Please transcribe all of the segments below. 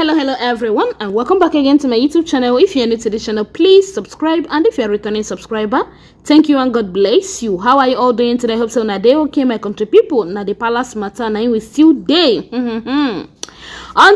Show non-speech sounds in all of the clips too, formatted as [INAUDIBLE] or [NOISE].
hello hello everyone and welcome back again to my youtube channel if you're new to the channel please subscribe and if you're a returning subscriber thank you and god bless you how are you all doing today I hope so now they okay my country people now the palace matter now we still day [LAUGHS] on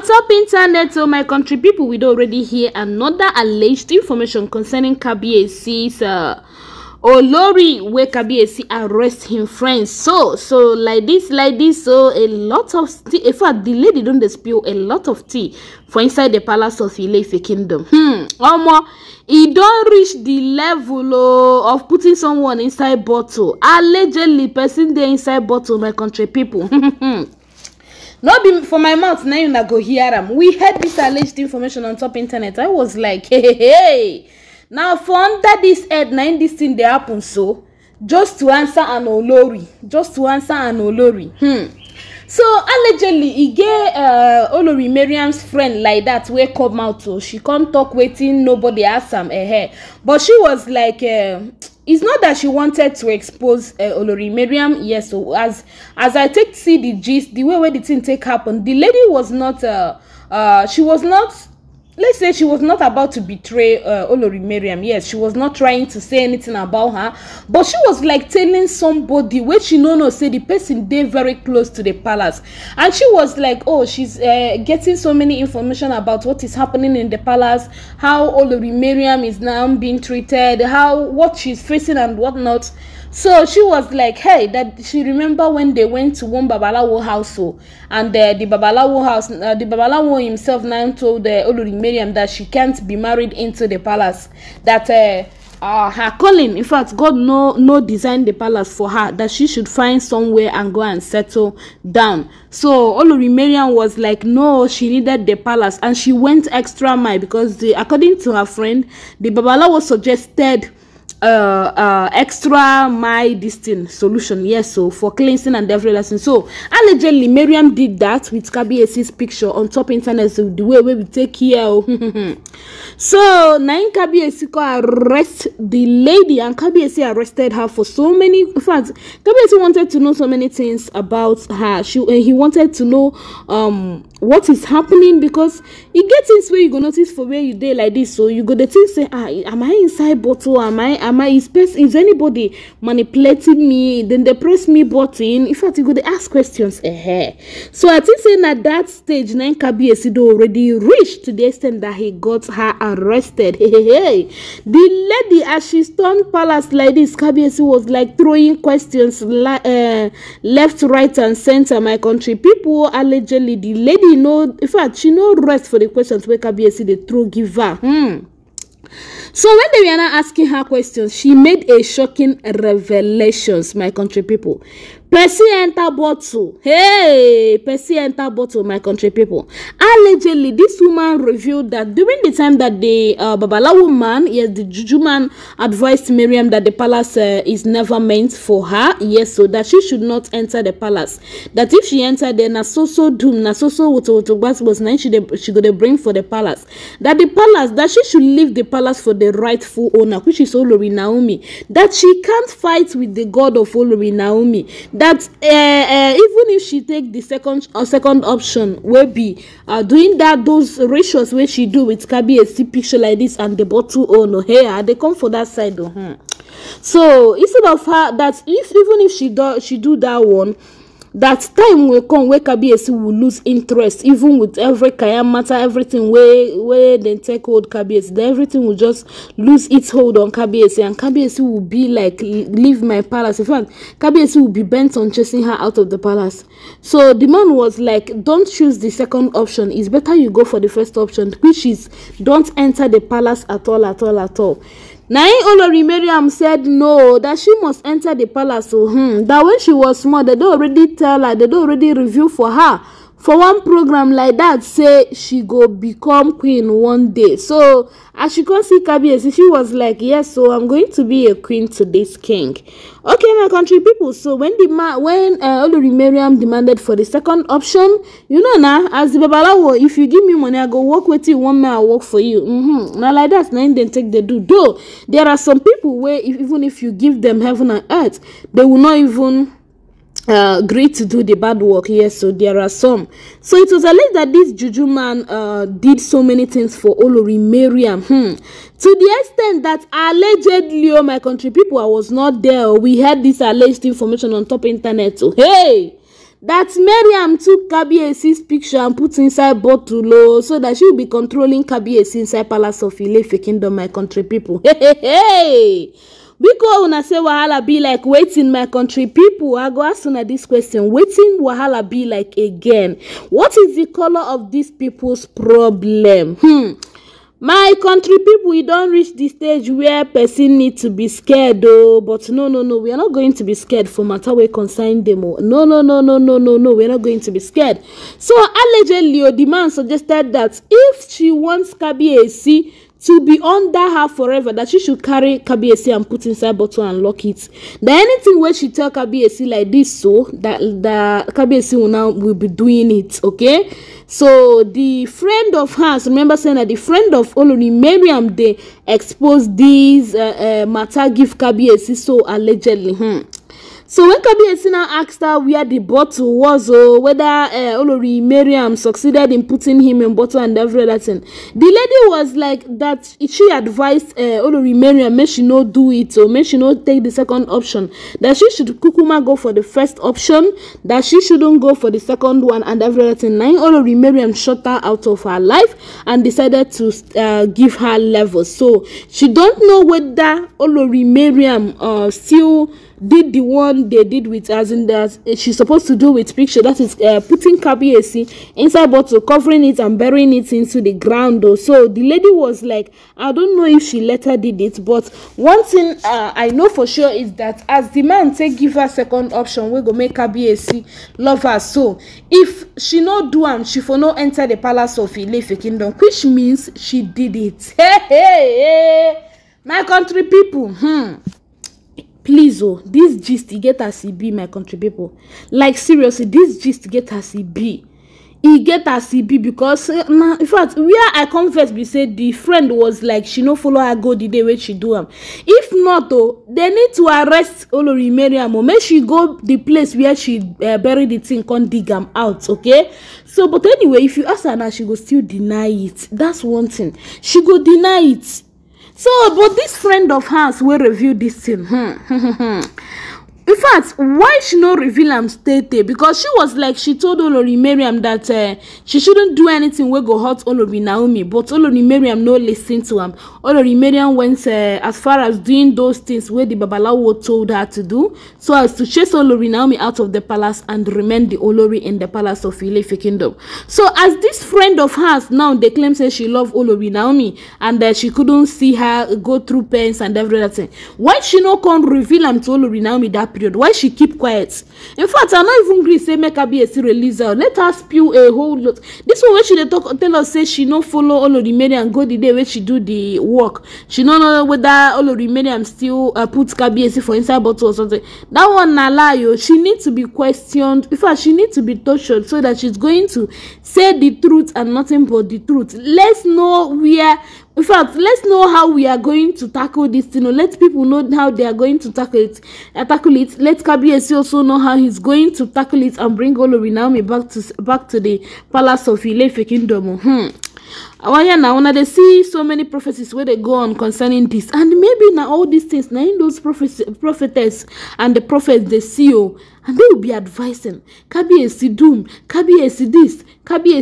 top internet so oh, my country people we already hear another alleged information concerning kbac uh olori wey kabiyesi arrest him friends so so like this like this so a lot of in fact the lady don dey spill a lot of tea for inside the palace of ileife kingdom hmm omo e don reach the level oh, of putting someone inside bottle allegedly person dey inside bottle my country people [LAUGHS] no be for my mouth na una go hear am we heard this alleged information on top internet i was like hey hey hey Now for under this head na in this thing dey happen so just to answer an olori just to answer an olori hmm. so allegedly e get uh, olori mariams friend like that wey come out o she come talk wetin nobody ask am eh, but she was like uh, it's not that she wanted to expose uh, olori mariam yes So as as i take see the gist the way wey the thing take happen the lady was not uh, uh, she was not let's say she was not about to betray uh, Olori Mariam. Yes, she was not trying to say anything about her, but she was like telling somebody where she no no say the person they very close to the palace, and she was like, oh, she's uh, getting so many information about what is happening in the palace, how Olori Mariam is now being treated, how what she's facing and what not. So she was like, hey, that she remember when they went to one Babalawo house, oh, and uh, the Babalawo house, uh, the Babalawo himself now told uh, Olori Mariam that she can't be married into the palace, that uh, uh, her calling, in fact, God no no designed the palace for her, that she should find somewhere and go and settle down. So Olori Mariam was like, no, she needed the palace, and she went extra mile because the, according to her friend, the Babalawo suggested Uh, uh, extra my distin solution yes so for cleansing and every lesson so allegedly miriam did that with kabi picture on top internet so the way we take here oh. [LAUGHS] so nine kabi arrest the lady and kabi arrested her for so many in fact wanted to know so many things about her she uh, he wanted to know um what is happening because you get things where you go notice for where you day like this so you go the thing say ah, am i inside bottle am i am am i his person is anybody manipulating me Then they press me button in fact you go dey ask questions eh eh so i think saying at that stage na nkabiesi don already reached to the extent that he got her arrested [LAUGHS] hey the lady as she stormed palace like this kabiesi was like throwing questions la uh, left right and center my country people allegedly the lady no in fact she no rest for the questions where kabiesi dey throw give her. Hmm. So when they were now asking her questions, she made a shocking revelations, my country people. Percy enter bottle hey Percy enter bottle my country people allegedly this woman revealed that during the time that the uh, babalawo man yes the juju man advised miriam that the palace uh, is never meant for her yes so that she should not enter the palace that if she entered, there nasoso so so doom na so was woto woto she she go bring for the palace that the palace that she should leave the palace for the rightful owner which is olori naomi that she can't fight with the god of olori naomi that that uh, uh, even if she take the second uh, second option wey be uh, doing that those rituals wey she do with kabiyesi picture like this and the bottle own oh, hair dey ah, come for that side. Oh, hmm. so instead of her that if even if she do she do that one that time will come wey kabiyesi will lose interest even with every kaya matter everything wey wey dem take hold kabiyesi then everything will just lose its hold on kabiyesi and kabiyesi will be like leave my palace in fact kabiyesi will be bent on chasing her out of the palace so the man was like don't choose the second option it's better you go for the first option which is don't enter the palace at all at all at all Naim Olori Mariam said no, that she must enter the palace. So, oh, hmm, that when she was small, they don't already tell her, they don't already review for her for one program like that, say she go become queen one day so as she come see kabiyesi she was like yes so i'm going to be a queen to this king okay my country people so when the ma when uh, olori mariam demanded for the second option you know na as the babalawo if you give me money i go work wetin you want make i work for you mm -hmm. na like that na im dem take dey do though there are some people wey even if you give them heaven and earth they will not even uh, agreed to do the bad work yes so there are some so it was alleged that this juju man uh, did so many things for olori mariam hmm. to the extent that allegedly oh my country people i was not there oh, we had this alleged information on top internet oh, hey that mariam took kabiyesi's picture and put inside bottle o oh, so that she will be controlling kabiyesi inside palace of ilefe kingdom my country people [LAUGHS] hey, hey, hey. Because una say wahala be like wetin my country people. i go ask una this question wetin wahala be like again what is the color of dis peoples problem hmm my country people, we don reach the stage where person need to be scared o oh, but no no no we are not going to be scared for matter wey concern them. o oh. no no no no no no no we are not going to be scared so allegedly o oh, di man suggested that if she wants kabiyesi to be under her forever that she should carry kabiyesi and put inside bottle and lock it that anything wey she tell kabiyesi like this so that that kabiyesi will now will be doing it okay so the friend of hers remember saying that the friend of olori mariam dey expose this uh, uh, matter give kabiyesi so allegedly hmm. So when Kabiyesi now asked her where the bottle was or oh, whether uh, Olori Mariam succeeded in putting him in bottle and everything, the lady was like that she advised uh, Olori Mariam make she no do it or oh, make she no take the second option, that she should kukuma go for the first option, that she shouldn't go for the second one and everything. Now Olori Mariam shut her out of her life and decided to uh, give her level. So she don't know whether Olori Mariam uh, still did the one they did with as in that she's supposed to do with picture that is uh, putting kabiyesi inside bottle covering it and burying it into the ground though so the lady was like i don't know if she later did it but one thing uh, i know for sure is that as the man take give her second option we go make kabiyesi love her so if she no do am she for no enter the palace of ilefe kingdom which means she did it [LAUGHS] hey, hey, hey. my country people hmm please oh, this gist e get as e be my country people. like seriously this gist get as e be e get as e be because eh, na in fact where i come first be say the friend was like she no follow her go the day wey she do am if not oh, they need to arrest olori mariam o make she go the place where she uh, bury the thing come dig am out okay so but anyway if you ask her now, she go still deny it that's one thing she go deny it so but this friend of hers wey review this thing hmm, hmm, hmm, hmm in fact why she no reveal am tey tey becos she was like she told olori mariam dat eh, she shouldn't do anything wey go hurt olori naomi but olori mariam no listen to am olori mariam went eh, as far as doing those things wey the babalawo told her to do so as to chase olori naomi out of the palace and remain the olori in the palace of ilefe kingdom so as this friend of hers now dey claim say she love olori naomi and she couldn't see her go through pains and everything why she no come reveal am to olori naomi that? period why she keep quiet in fact i no even gree say make i be a still release let her spill a whole lot this one wey she dey talk tell us say she no follow olori mariam go the day wey she do the work she no know whether olori mariam still uh, put kabiyesi for inside bottle or something that one na lie o oh. she need to be questioned in fact she need to be tortured so that she's going to say the truth and nothing but the truth let's know where in fact let's know how we are going to tackle this thing you know, let people know how they are going to tackle it uh, tackle it let kabiyesi also know how he's going to tackle it and bring olori naomi back to back to the palace of ilefe kingdom hmm awaya now when they see so many prophecies where they go on concerning this, and maybe now all these things now in those prophetess and the prophets they see o oh, and they will be advising see doom see this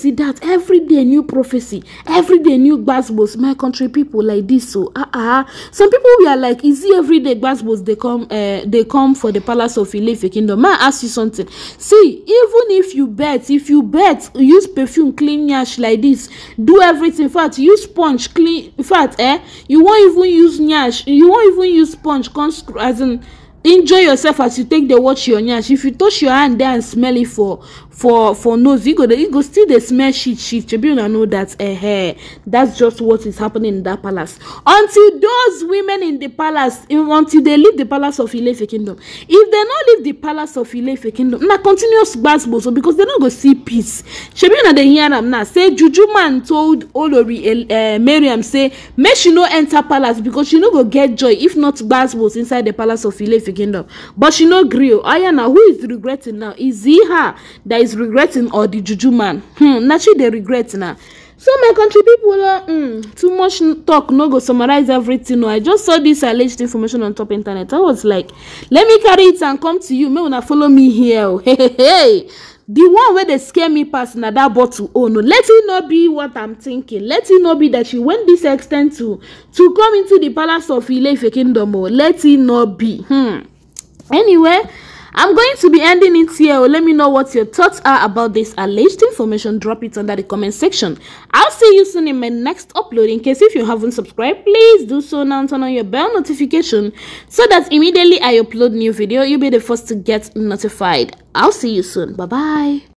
see that every day new prophecy every day new gbasgbos my country people like this so ah uh ah -uh. some people we are like is it every day gbasgbos They come uh, eh, dey come for the palace of ilefe kingdom may i ask you something see even if you bet if you bet use perfume clean yansh like this do every it in fact use sponge clean in fact eh you wan even use nyash you wan even use sponge come as in enjoy yourself as you take dey watch your nyash if you touch your hand there and smell it for for for nose you go dey you go still dey smell shit shit shebi una know that eh eh that's just what is happening in that palace until those women in the palace until they leave the palace of ilefe kingdom if they no leave the palace of ilefe kingdom na continuous gbasgbo so because they no go see peace shebi una dey hear am now say juju man told olori uh, eh, mariam say make she no enter palace because she no go get joy if not gbasgbos inside the palace of ilefe kingdom but she no gree o oh. aya na who is regretting now is he her that is regretting or the juju man hmm, na she dey regret now so my country people uh, mm, too much talk no go summarize everything no oh. i just saw this alleged information on top internet i was like let me carry it and come to you may una follow me here oh [LAUGHS] hey hey hey the one wey dey scare me pass na that bottle oh no let it no be what i'm thinking let it no be that she went this extent to to come into the palace of ileife kingdom oh let it no be hmm anyway I'm going to be ending it here. Let me know what your thoughts are about this alleged information. Drop it under the comment section. I'll see you soon in my next upload. In case if you haven't subscribed, please do so now and turn on your bell notification so that immediately I upload new video, you'll be the first to get notified. I'll see you soon. Bye-bye.